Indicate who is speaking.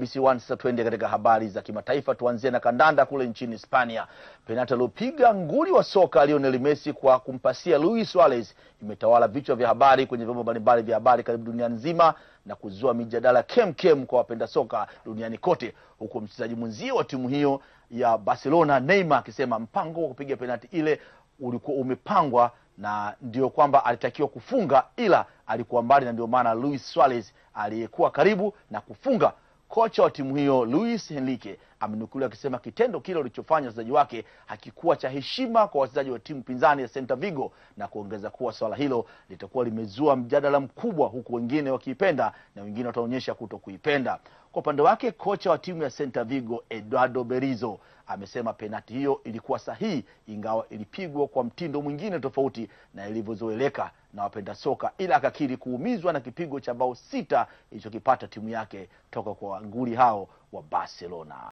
Speaker 1: BBC One. sasa tuende katika habari za kimataifa, tuanzie na kandanda kule nchini Hispania. Penati aliopiga nguli wa soka Lionel Messi kwa kumpasia Luis Suarez imetawala vichwa vya habari kwenye vyombo mbalimbali vya habari karibu dunia nzima na kuzua mijadala kem kem kwa wapenda soka duniani kote, huku mchezaji mwenzie wa timu hiyo ya Barcelona Neymar akisema mpango wa kupiga penati ile ulikuwa umepangwa na ndio kwamba alitakiwa kufunga, ila alikuwa mbali, na ndio maana Luis Suarez aliyekuwa karibu na kufunga Kocha wa timu hiyo Luis Henrique amenukuliwa akisema kitendo kile walichofanya wachezaji wake hakikuwa cha heshima kwa wachezaji wa timu pinzani ya Celta Vigo, na kuongeza kuwa swala hilo litakuwa limezua mjadala mkubwa, huku wengine wakiipenda na wengine wataonyesha kuto kuipenda. Kwa upande wake kocha wa timu ya Celta Vigo Eduardo Berizzo amesema penati hiyo ilikuwa sahihi, ingawa ilipigwa kwa mtindo mwingine tofauti na ilivyozoeleka na wapenda soka, ila akakiri kuumizwa na kipigo cha bao sita ilichokipata timu yake toka kwa nguli hao wa Barcelona.